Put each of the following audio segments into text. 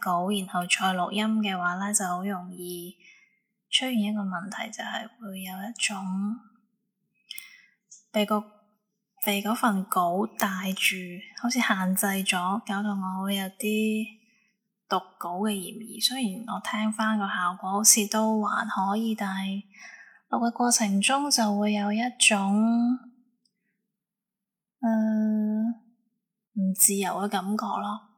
稿，然後再錄音嘅話咧，就好容易出現一個問題，就係、是、會有一種被個被嗰份稿帶住，好似限制咗，搞到我會有啲讀稿嘅嫌疑。雖然我聽翻個效果好似都還可以，但係錄嘅過程中就會有一種誒，呃，唔自由嘅感覺咯。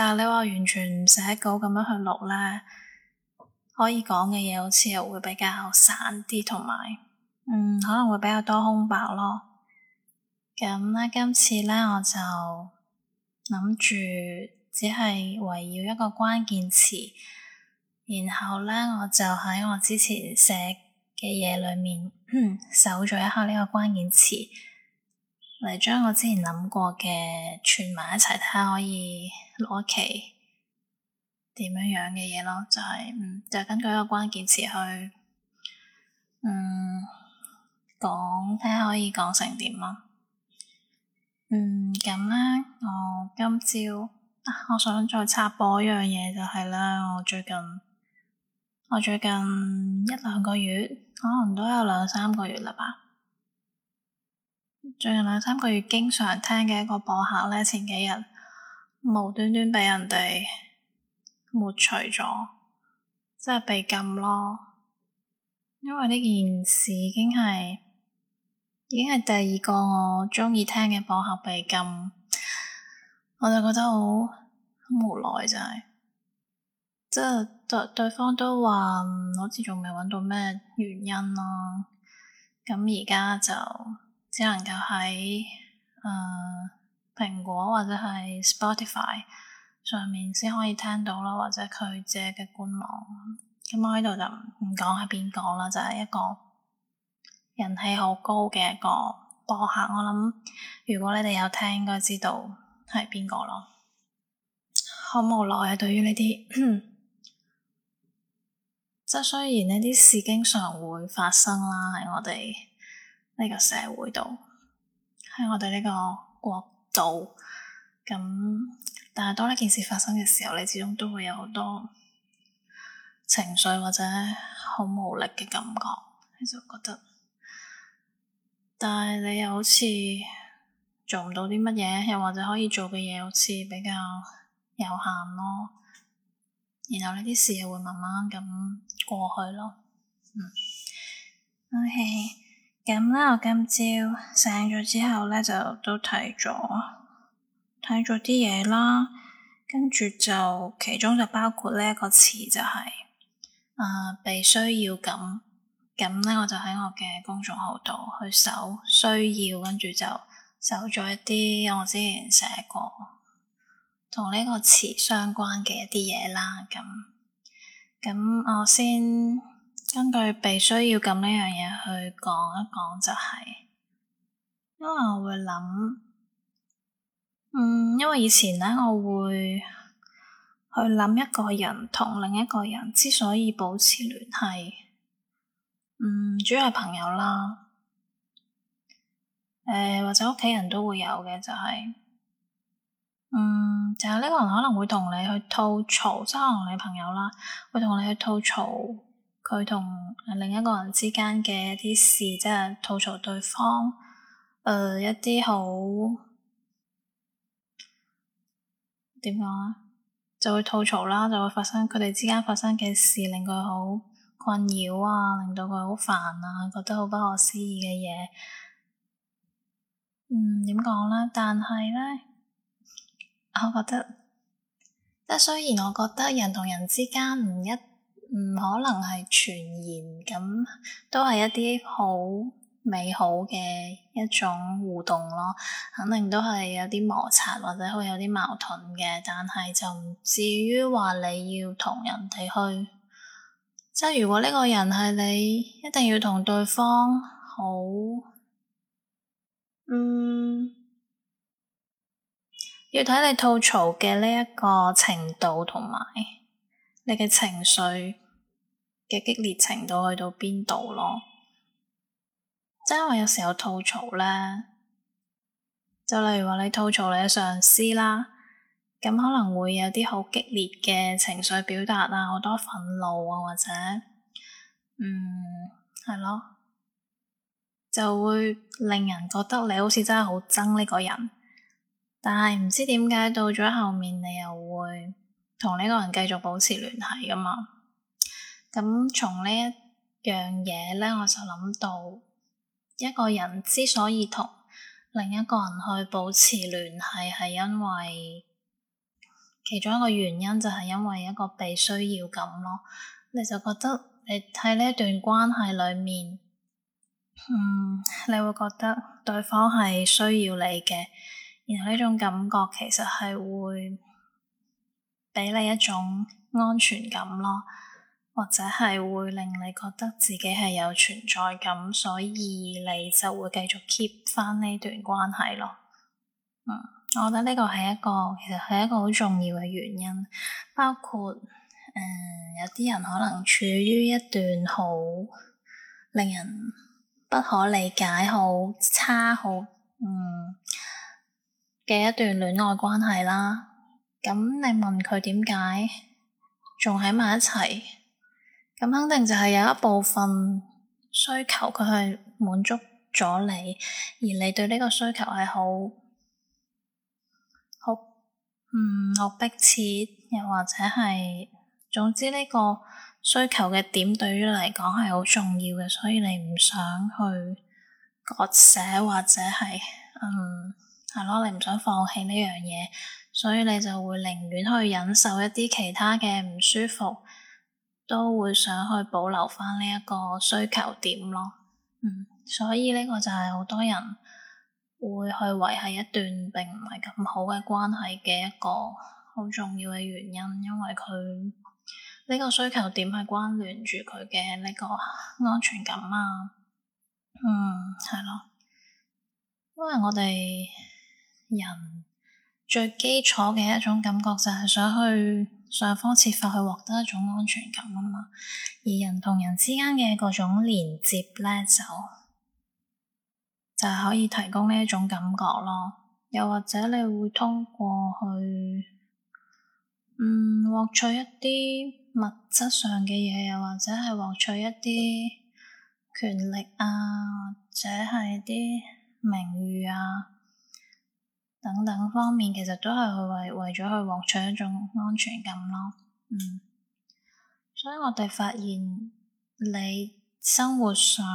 但係你話完全唔寫稿咁樣去錄咧，可以講嘅嘢好似又會比較散啲，同埋嗯可能會比較多空白咯。咁、嗯、咧今次咧我就諗住只係圍繞一個關鍵詞，然後咧我就喺我之前寫嘅嘢裏面搜咗一下呢個關鍵詞嚟，將我之前諗過嘅串埋一齊，睇下可以。攞期點樣樣嘅嘢咯，就係、是、嗯，就根據一個關鍵詞去嗯講，睇下可以講成點咯。嗯，咁咧我今朝、啊、我想再插播一樣嘢就係咧，我最近我最近一兩個月可能都有兩三個月啦吧。最近兩三個月經常聽嘅一個播客咧，前幾日。無端端畀人哋抹除咗，即係被禁咯。因為呢件事已經係，已經係第二個我中意聽嘅播客被禁，我就覺得好無奈，就係。即係對對方都話，好似仲未揾到咩原因咯。咁而家就只能夠喺誒。呃蘋果或者係 Spotify 上面先可以聽到啦，或者佢借嘅官網。咁我喺度就唔講係邊個啦，就係一個人氣好高嘅一個播客。我諗如果你哋有聽，應該知道係邊個咯。好無奈啊！對於呢啲，即係 雖然呢啲事經常會發生啦，喺我哋呢個社會度，喺我哋呢個國。咁、嗯，但係當呢件事發生嘅時候，你始終都會有好多情緒或者好無力嘅感覺，你就覺得，但係你又好似做唔到啲乜嘢，又或者可以做嘅嘢好似比較有限咯，然後呢啲事又會慢慢咁過去咯，嗯，OK。咁啦，我今朝醒咗之後咧，就都睇咗睇咗啲嘢啦。跟住就其中就包括呢一個詞，就是，就係啊，被需要咁。咁咧，我就喺我嘅公眾號度去搜需要，跟住就搜咗一啲我之前寫過同呢個詞相關嘅一啲嘢啦。咁咁，我先。根據被需要感呢樣嘢，去講一講就係，因為我會諗，嗯，因為以前咧我會去諗一個人同另一個人之所以保持聯繫，嗯，主要係朋友啦，誒、呃、或者屋企人都會有嘅就係，嗯，就係呢個人可能會同你去吐槽，即係可能你朋友啦，會同你去吐槽。佢同另一個人之間嘅一啲事，即係吐槽對方，誒一啲好點講咧，就會吐槽啦，就會發生佢哋之間發生嘅事，令佢好困擾啊，令到佢好煩啊，覺得好不可思議嘅嘢。嗯，點講咧？但係咧，我覺得即係雖然我覺得人同人之間唔一。唔可能係傳言，咁都係一啲好美好嘅一種互動咯。肯定都係有啲摩擦或者會有啲矛盾嘅，但係就唔至於話你要同人哋去。即係如果呢個人係你，一定要同對方好，嗯，要睇你吐槽嘅呢一個程度同埋。你嘅情緒嘅激烈程度去到邊度咯？即係話有時候吐槽咧，就例如話你吐槽你嘅上司啦，咁可能會有啲好激烈嘅情緒表達啊，好多憤怒啊，或者嗯係咯，就會令人覺得你好似真係好憎呢個人，但係唔知點解到咗後面你又。同呢個人繼續保持聯繫㗎嘛。咁從呢一樣嘢咧，我就諗到一個人之所以同另一個人去保持聯繫，係因為其中一個原因就係因為一個被需要感咯。你就覺得你喺呢一段關係裡面，嗯，你會覺得對方係需要你嘅，然後呢種感覺其實係會。畀你一種安全感咯，或者係會令你覺得自己係有存在感，所以你就會繼續 keep 翻呢段關係咯。嗯，我覺得呢個係一個其實係一個好重要嘅原因，包括、呃、有啲人可能處於一段好令人不可理解、好差、好、嗯、嘅一段戀愛關係啦。咁你問佢點解仲喺埋一齊？咁肯定就係有一部分需求佢係滿足咗你，而你對呢個需求係好，好，嗯，好迫切，又或者係，總之，呢個需求嘅點對於你嚟講係好重要嘅，所以你唔想去割捨，或者係，嗯，係咯，你唔想放棄呢樣嘢。所以你就會寧願去忍受一啲其他嘅唔舒服，都會想去保留翻呢一個需求點咯。嗯，所以呢個就係好多人會去維係一段並唔係咁好嘅關係嘅一個好重要嘅原因，因為佢，呢個需求點係關聯住佢嘅呢個安全感啊。嗯，係咯，因為我哋人，最基礎嘅一種感覺就係想去想方設法去獲得一種安全感啊嘛，而人同人之間嘅嗰種連接咧，就就係可以提供呢一種感覺咯。又或者你會通過去嗯獲取一啲物質上嘅嘢，又或者係獲取一啲權力啊，或者係啲名譽啊。等等方面，其實都係去為咗去獲取一種安全感咯、嗯。所以我哋發現你生活上，誒、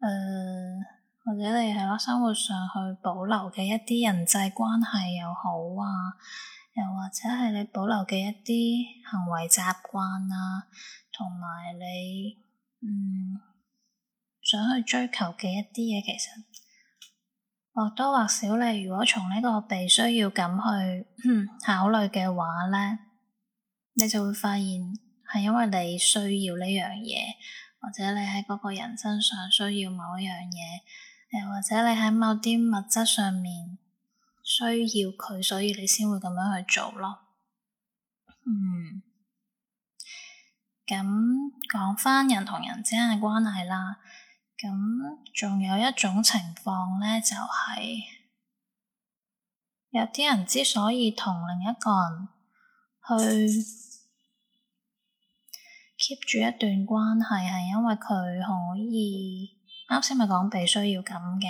呃，或者你係咯生活上去保留嘅一啲人際關係又好啊，又或者係你保留嘅一啲行為習慣啊，同埋你嗯想去追求嘅一啲嘢，其實。或多或少，你如果從呢個被需要咁去考慮嘅話咧，你就會發現係因為你需要呢樣嘢，或者你喺嗰個人身上需要某樣嘢，誒，或者你喺某啲物質上面需要佢，所以你先會咁樣去做咯。嗯，咁講翻人同人之間嘅關係啦。咁仲有一種情況，咧，就係，是，有啲人之所以同另一個人去 keep 住一段關係，係因為佢可以啱先咪講被需要感嘅。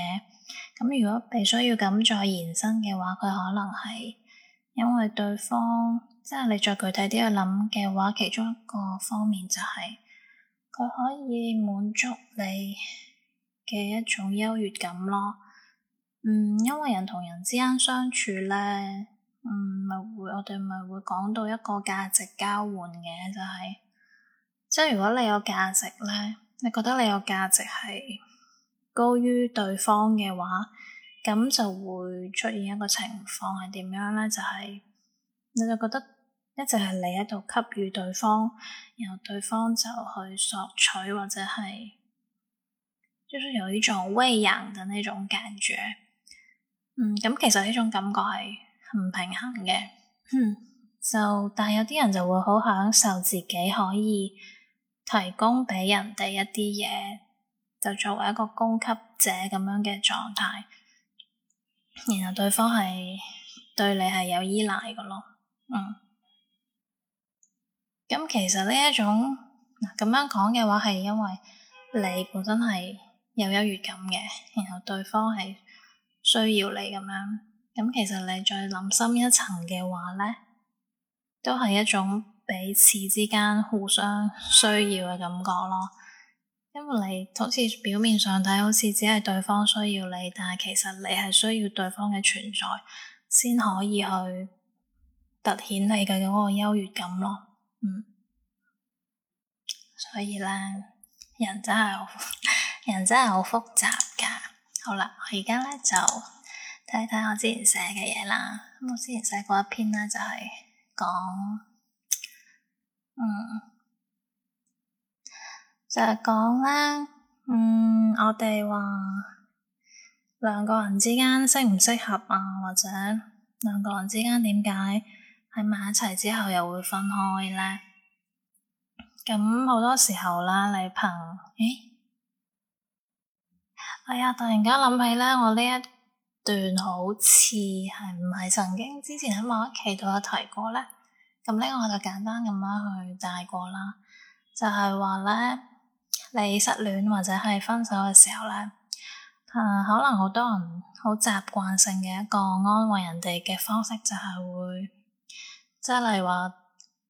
咁如果被需要感再延伸嘅話，佢可能係因為對方，即，就，係，是、你再具體啲去諗嘅話，其中一個方面就係，是。佢可以滿足你嘅一種優越感咯。嗯，因為人同人之間相處咧，嗯，咪會我哋咪會講到一個價值交換嘅，就係即係如果你有價值咧，你覺得你有價值係高於對方嘅話，咁就會出現一個情況係點樣咧？就係你就覺得。一就係你喺度給予對方，然後對方就去索取或者係，就算有呢種威嚴嘅呢種感覺。嗯，咁其實呢種感覺係唔平衡嘅。嗯。就但係有啲人就會好享受自己可以提供俾人哋一啲嘢，就作為一個供給者咁樣嘅狀態，然後對方係對你係有依賴嘅咯。嗯。咁其實呢一種嗱，咁樣講嘅話，係因為你本身係有優越感嘅，然後對方係需要你咁樣。咁其實你再諗深，深一層嘅話咧，都係一種彼此之間互相需要嘅感覺咯。因為你好似表面上睇好似只係對方需要你，但係其實你係需要對方嘅存在，先可以去突顯你嘅嗰個優越感咯。嗯，所以咧，人真係人真係好複雜噶。好啦，我而家咧就睇睇我之前寫嘅嘢啦。咁我之前寫過一篇咧，就係講，嗯，就係講咧，嗯，我哋話兩個人之間適唔適合啊，或者兩個人之間點解？喺埋一齊之後又會分開咧，咁好多時候啦，你憑誒，哎呀，突然間諗起咧，我呢一段好似係唔係曾經之前喺某一期都有提過咧？咁咧，我就簡單咁樣去帶過啦。就係話咧，你失戀或者係分手嘅時候咧，誒，可能好多人好習慣性嘅一個安慰人哋嘅方式就係會。即係例如話，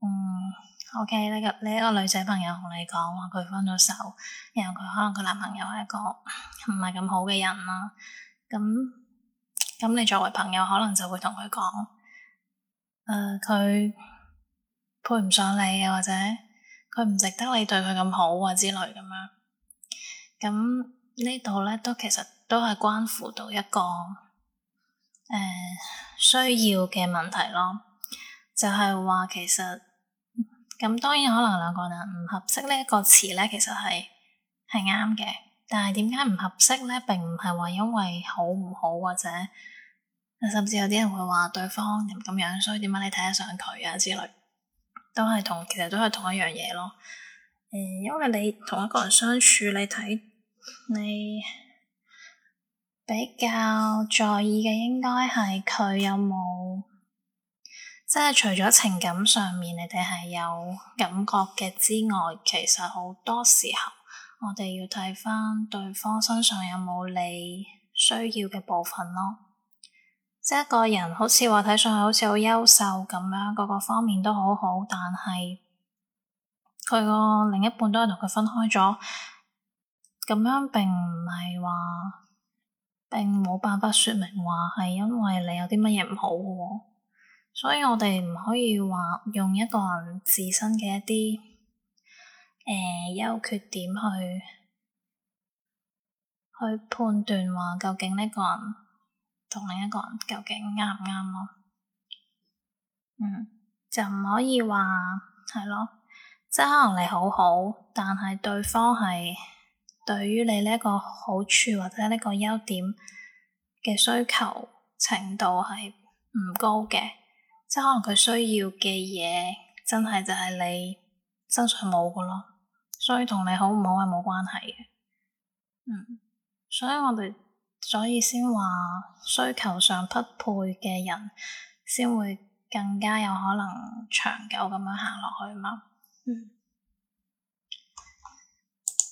嗯，O.K. 你個你一個女仔朋友同你講話佢分咗手，然後佢可能佢男朋友係一個唔係咁好嘅人啦。咁咁，你作為朋友，可能就會同佢講，誒、呃，佢配唔上你啊，或者佢唔值得你對佢咁好啊之類咁樣。咁呢度咧，都其實都係關乎到一個誒、呃、需要嘅問題咯。就係話，其實咁當然可能兩個人唔合適呢一個詞呢，其實係係啱嘅。但係點解唔合適呢？並唔係話因為好唔好，或者甚至有啲人會話對方咁樣，所以點解你睇得上佢啊，之類，都係同其實都係同一樣嘢咯。誒、嗯，因為你同一個人相處，你睇你比較在意嘅應該係佢有冇。即係除咗情感上面，你哋係有感覺嘅之外，其實好多時候我哋要睇返對方身上有冇你需要嘅部分咯。即係一個人好似話睇上去好似好優秀咁樣，各個方面都好好，但係佢個另一半都係同佢分開咗，咁樣並唔係話並冇辦法說明話係因為你有啲乜嘢唔好嘅喎。所以我哋唔可以話用一個人自身嘅一啲誒優缺點去去判斷話究竟呢個人同另一個人究竟啱唔啱咯？嗯，就唔可以話係咯，即係可能你好好，但係對方係對於你呢個好處或者呢個優點嘅需求程度係唔高嘅。即係可能佢需要嘅嘢，真係就係你身上冇嘅咯，所以同你好唔好係冇關係嘅。嗯，所以我哋所以先話需求上匹配嘅人，先會更加有可能長久咁樣行落去嘛。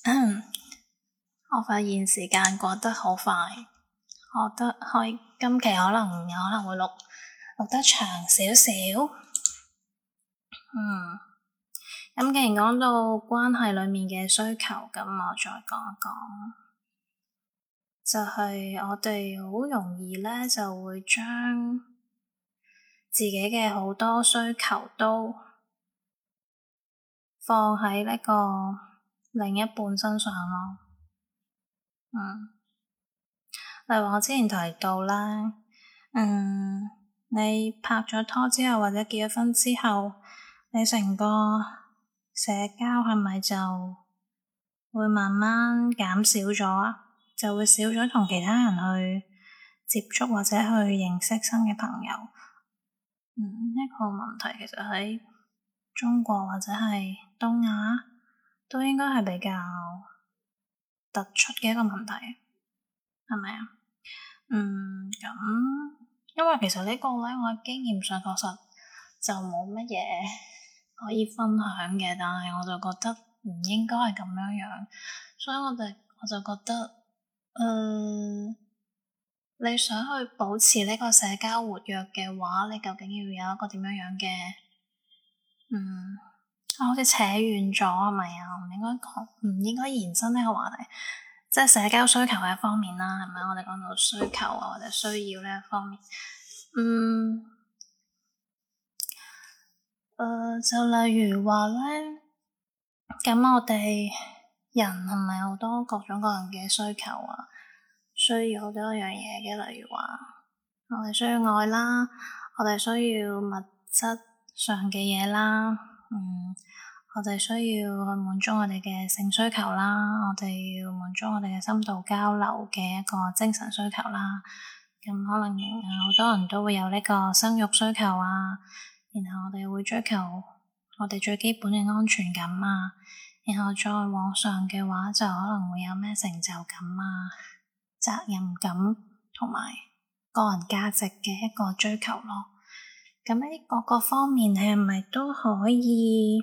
嗯， 我發現時間過得好快，我得開今期可能有可能會錄。錄得長少少，嗯，咁既然講到關係裏面嘅需求，咁我再講一講，就係、是、我哋好容易咧，就會將自己嘅好多需求都放喺呢個另一半身上咯，嗯，例如我之前提到啦，嗯。你拍咗拖之後或者結咗婚之後，你成個社交係咪就會慢慢減少咗啊？就會少咗同其他人去接觸或者去認識新嘅朋友？嗯，呢個問題其實喺中國或者係東亞都應該係比較突出嘅一個問題，係咪啊？嗯，咁。因為其實呢個咧，我經驗上確實就冇乜嘢可以分享嘅，但係我就覺得唔應該係咁樣樣，所以我哋，我就覺得，誒、嗯，你想去保持呢個社交活躍嘅話，你究竟要有一個點樣樣嘅，嗯，好似扯遠咗係咪啊？唔應該講，唔應該延伸呢個話題。即係社交需求嘅一方面啦，係咪？我哋講到需求啊，或者需要呢一方面，嗯，誒、呃，就例如話咧，咁我哋人係咪有好多各種各樣嘅需求啊？需要好多樣嘢嘅，例如話我哋需要愛啦，我哋需要物質上嘅嘢啦，嗯。我哋需要去滿足我哋嘅性需求啦，我哋要滿足我哋嘅深度交流嘅一個精神需求啦。咁可能好多人都會有呢個生育需求啊。然後我哋會追求我哋最基本嘅安全感啊。然後再往上嘅話，就可能會有咩成就感啊、責任感同埋個人價值嘅一個追求咯。咁喺各個方面，你係咪都可以？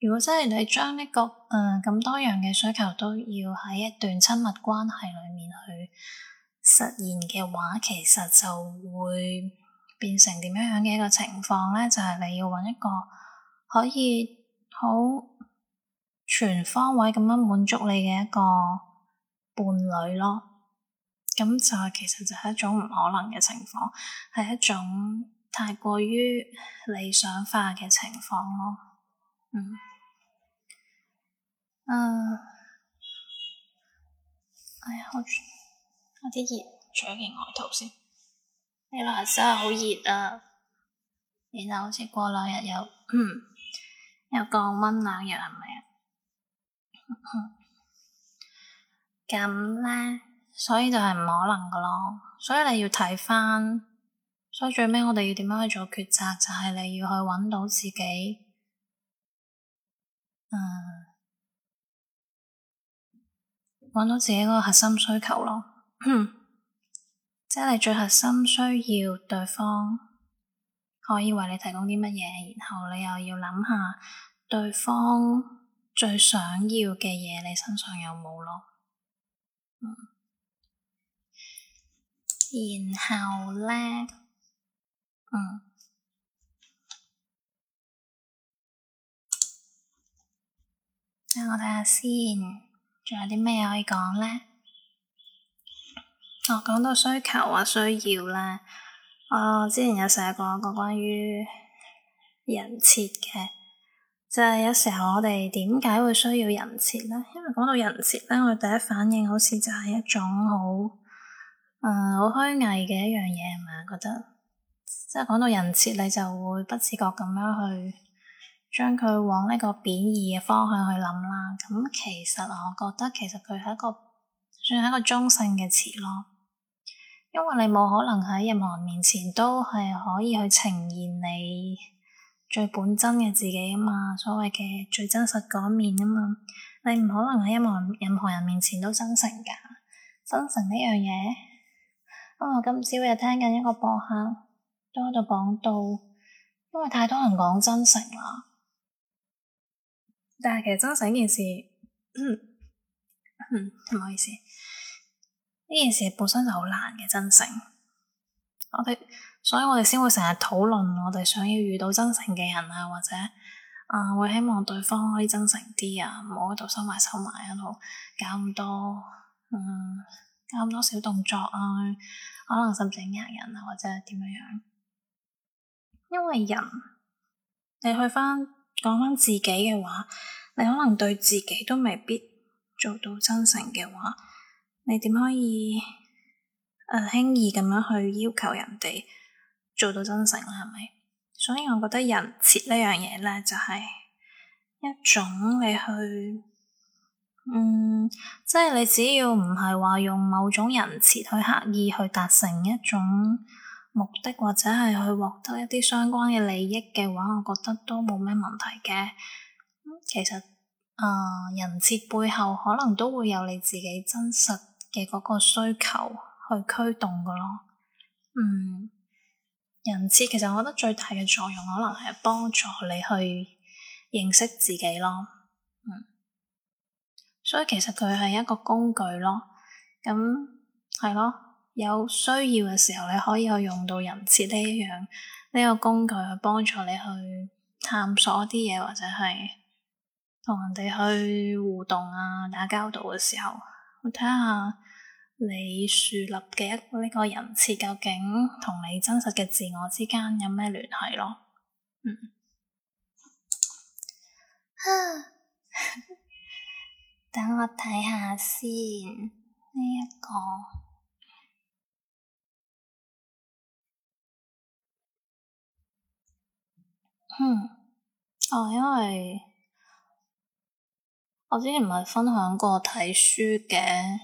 如果真係你將呢個咁、呃、多樣嘅需求都要喺一段親密關係裏面去實現嘅話，其實就會變成點樣樣嘅一個情況咧？就係、是、你要搵一個可以好全方位咁樣滿足你嘅一個伴侶咯。咁就其實就係一種唔可能嘅情況，係一種太過於理想化嘅情況咯。嗯。嗯，uh, 哎呀，好有熱我我啲熱，着件外套先。呢兩日真係好熱啊，然後好似過兩日又嗯，又降溫兩日，係咪啊？咁咧，所以就係唔可能㗎咯。所以你要睇翻，所以最尾我哋要點樣去做抉擇，就係、是、你要去搵到自己。嗯、uh,。揾到自己嗰個核心需求咯， 即係你最核心需要對方可以為你提供啲乜嘢，然後你又要諗下對方最想要嘅嘢，你身上有冇咯？然後咧，嗯，等我睇下先。仲有啲咩可以講咧？哦，講到需求或、啊、需要咧、啊，我、哦、之前有寫過一個關於人設嘅，就係、是、有時候我哋點解會需要人設咧？因為講到人設咧，我哋第一反應好似就係一種好誒好虛偽嘅一樣嘢，係咪啊？覺得即係講到人設，你就會不自覺咁樣去。將佢往呢個貶義嘅方向去諗啦，咁其實我覺得其實佢係一個算係一個中性嘅詞咯，因為你冇可能喺任何人面前都係可以去呈現你最本真嘅自己啊嘛，所謂嘅最真實嗰一面啊嘛，你唔可能喺任，任何人面前都真誠噶，真誠呢樣嘢，咁我今朝又聽緊一個播客都喺度講到，因為太多人講真誠啦。但係其實真誠呢件事，唔、 嗯、好意思，呢件事本身就好難嘅真誠。我哋，所以我哋先會成日討論，我哋想要遇到真誠嘅人啊，或者啊、呃、會希望對方可以真誠啲啊，唔好喺度收埋收埋喺度搞咁多，嗯，搞咁多小動作啊，可能甚至係呃人啊，或者點樣樣。因為人，你去翻。講翻自己嘅話，你可能對自己都未必做到真誠嘅話，你點可以誒輕易咁樣去要求人哋做到真誠啦？係咪？所以我覺得人設呢樣嘢咧，就係一種你去，嗯，即係你只要唔係話用某種人設去刻意去達成一種。目的或者係去獲得一啲相關嘅利益嘅話，我覺得都冇咩問題嘅。其實誒、呃、人設背後可能都會有你自己真實嘅嗰個需求去驅動噶咯。嗯，人設其實我覺得最大嘅作用可能係幫助你去認識自己咯。嗯，所以其實佢係一個工具咯。咁係咯。有需要嘅時候你可以去用到人設呢一樣呢個工具去幫助你去探索啲嘢，或者係同人哋去互動啊、打交道嘅時候，我睇下你樹立嘅一個呢個人設究竟同你真實嘅自我之間有咩聯繫咯。等、嗯、 我睇下先呢一、這個。嗯，哦，因為我之前唔係分享過睇書嘅，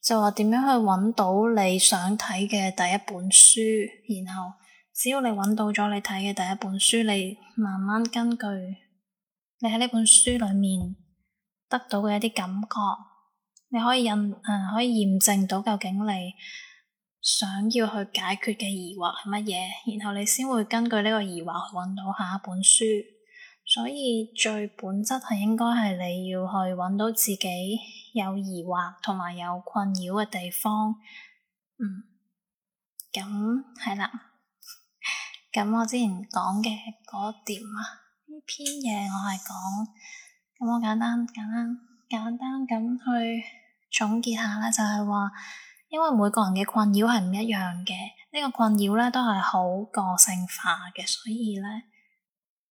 就係話點樣去揾到你想睇嘅第一本書，然後只要你揾到咗你睇嘅第一本書，你慢慢根據你喺呢本書裏面得到嘅一啲感覺，你可以印誒、嗯、可以驗證到究竟你。想要去解決嘅疑惑係乜嘢，然後你先會根據呢個疑惑去搵到下一本書。所以最本質係應該係你要去搵到自己有疑惑同埋有困擾嘅地方。嗯，咁係啦，咁我之前講嘅嗰點啊，呢篇嘢我係講，咁我簡單、簡單簡單咁去總結下啦，就係、是、話。因為每個人嘅困擾係唔一樣嘅，呢、這個困擾咧都係好個性化嘅，所以咧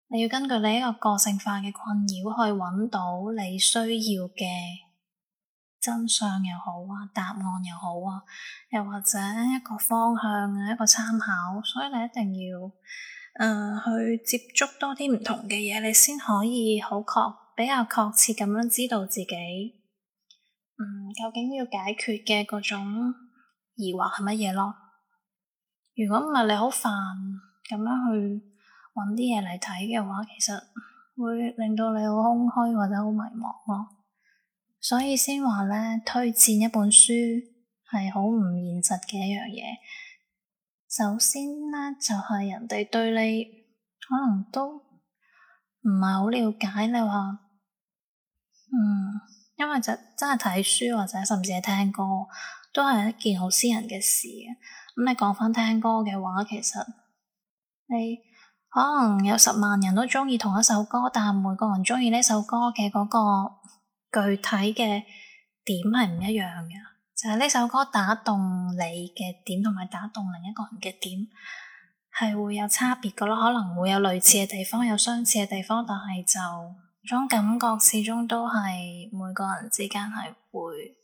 你要根據你一個個性化嘅困擾去搵到你需要嘅真相又好啊，答案又好啊，又或者一個方向啊，一個參考，所以你一定要誒、呃、去接觸多啲唔同嘅嘢，你先可以好確比較確切咁樣知道自己。嗯，究竟要解決嘅嗰種疑惑係乜嘢咯？如果唔係你好煩咁樣去搵啲嘢嚟睇嘅話，其實會令到你好空虛或者好迷茫咯。所以先話咧，推薦一本書係好唔現實嘅一樣嘢。首先啦，就係、是、人哋對你可能都唔係好了解你話，嗯。因為就真係睇書或者甚至係聽歌，都係一件好私人嘅事。咁你講翻聽歌嘅話，其實你可能有十萬人都鍾意同一首歌，但係每個人鍾意呢首歌嘅嗰個具體嘅點係唔一樣嘅。就係呢首歌打動你嘅點，同埋打動另一個人嘅點，係會有差別噶咯。可能會有類似嘅地方，有相似嘅地方，但係就。種感覺始終都係每個人之間係會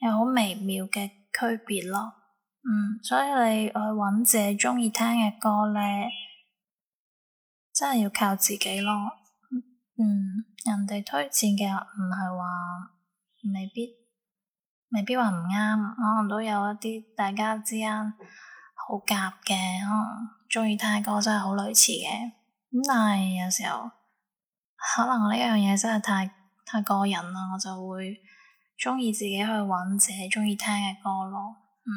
有好微妙嘅區別咯，嗯，所以你去揾自己鍾意聽嘅歌咧，真係要靠自己咯。嗯，人哋推薦嘅唔係話未必未必話唔啱，可能都有一啲大家之間好夾嘅，可能鍾意聽嘅歌真係好類似嘅，咁但係有時候。可能我呢樣嘢真係太太個人啦，我就會中意自己去揾自己中意聽嘅歌咯。嗯，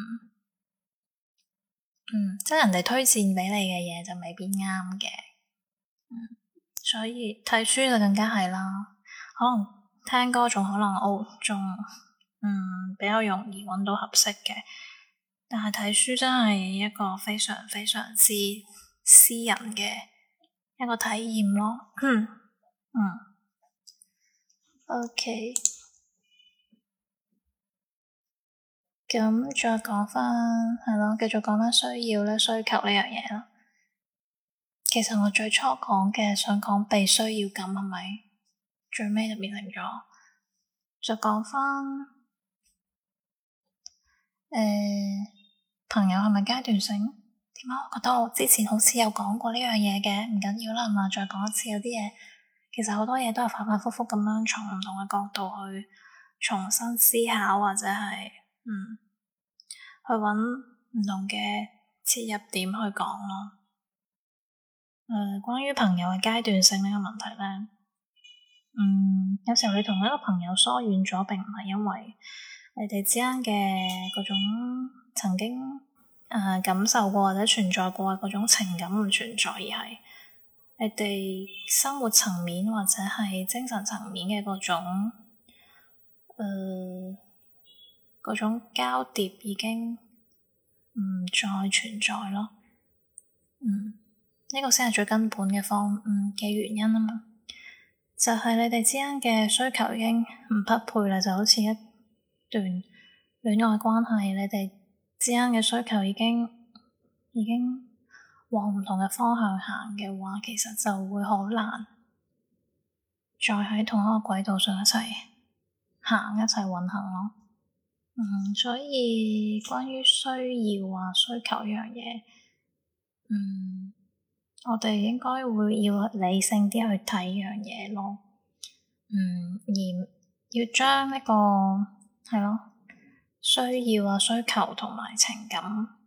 嗯，即係人哋推薦畀你嘅嘢就未必啱嘅。嗯，所以睇書就更加係啦。可能聽歌仲可能我仲嗯比較容易揾到合適嘅，但係睇書真係一個非常非常之私人嘅一個體驗咯。嗯嗯，OK，咁再講翻係咯，繼續講翻需要咧、需求呢樣嘢啦。其實我最初講嘅想講被需要感係咪最尾就變成咗？再講翻誒朋友係咪階段性？點解我覺得我之前好似有講過呢樣嘢嘅？唔緊要啦，係咪再講一次有啲嘢。其實好多嘢都係反反复复咁樣，從唔同嘅角度去重新思考，或者係嗯去揾唔同嘅切入點去講咯。誒、嗯，關於朋友嘅階段性呢個問題咧，嗯，有時候你同一個朋友疏遠咗，並唔係因為你哋之間嘅嗰種曾經誒、呃、感受過或者存在過嘅嗰種情感唔存在而，而係。你哋生活層面或者係精神層面嘅嗰種誒嗰種交疊已經唔再存在咯。嗯，呢個先係最根本嘅方，嗯嘅原因啊嘛，就係你哋之間嘅需求已經唔匹配啦，就好似一段戀愛關係，你哋之間嘅需求已經已經。往唔同嘅方向行嘅話，其實就會好難再喺同一個軌道上一齊行一齊運行咯。嗯，所以關於需要啊、需求呢樣嘢，嗯，我哋應該會要理性啲去睇呢樣嘢咯。嗯，而要將呢、這個係咯需要啊、需求同埋情感。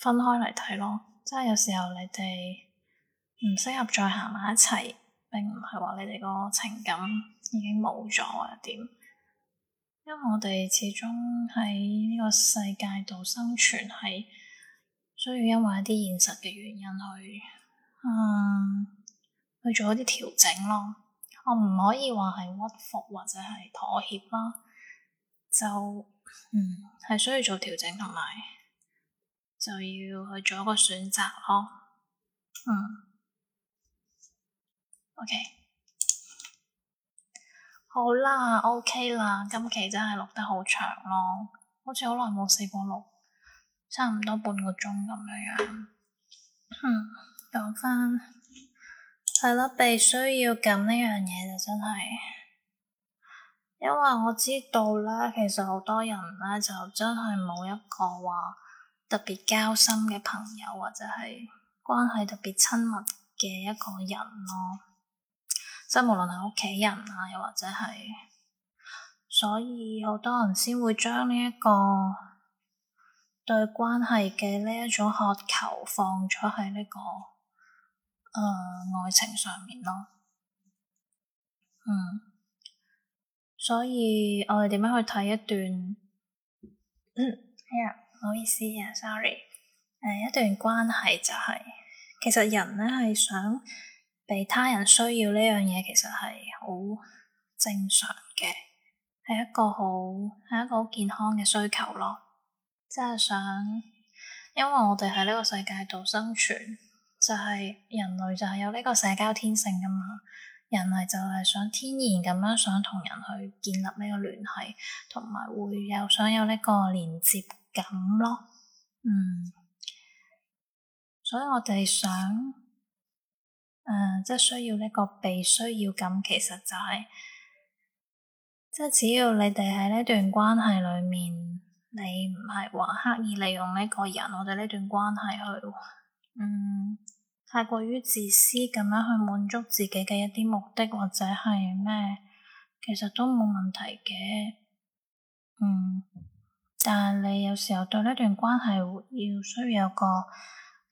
分開嚟睇咯，即係有時候你哋唔適合再行埋一齊，並唔係話你哋個情感已經冇咗或者點？因為我哋始終喺呢個世界度生存係需要，因為一啲現實嘅原因去，嗯，去做一啲調整咯。我唔可以話係屈服或者係妥協啦，就嗯係需要做調整同埋。.就要去做一個選擇咯，嗯。嗯，OK，好啦，OK 啦，今期真係錄得好長咯，好似好耐冇試過錄，差唔多半個鐘咁樣樣、啊。嗯，講翻係咯，被需要咁呢樣嘢就真係，因為我知道咧，其實好多人咧就真係冇一個話特別交心嘅朋友，或者係關係特別親密嘅一個人咯，即係無論係屋企人啊，又或者係，所以好多人先會將呢一個對關係嘅呢一種渴求放、這個，放咗喺呢個誒愛情上面咯。嗯，所以我哋點樣去睇一段？哎、嗯、係呀！唔好意思啊，sorry。誒、嗯，一段關係就係、是，其實人咧，係想被他人需要呢樣嘢，其實係好正常嘅，係一個好係一個好健康嘅需求咯。即、就、係、是、想，因為我哋喺呢個世界度生存，就係、是、人類就係有呢個社交天性噶嘛。人類就係想天然咁樣想同人去建立呢個聯繫，同埋會有想有呢個連接。咁咯，嗯，所以我哋想，誒、呃，即係需要呢個被需要感，其實就係、是，即係只要你哋喺呢段關係裏面，你唔係話刻意利用呢個人，我哋呢段關係去，嗯，太過於自私咁樣去滿足自己嘅一啲目的，或者係咩，其實都冇問題嘅，嗯。但係你有時候對呢段關係要需要有個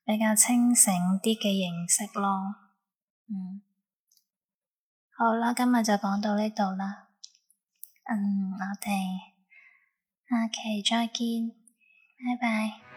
比較清醒啲嘅認識咯，嗯，好啦，今日就講到呢度啦，嗯，我哋下期再見，拜拜。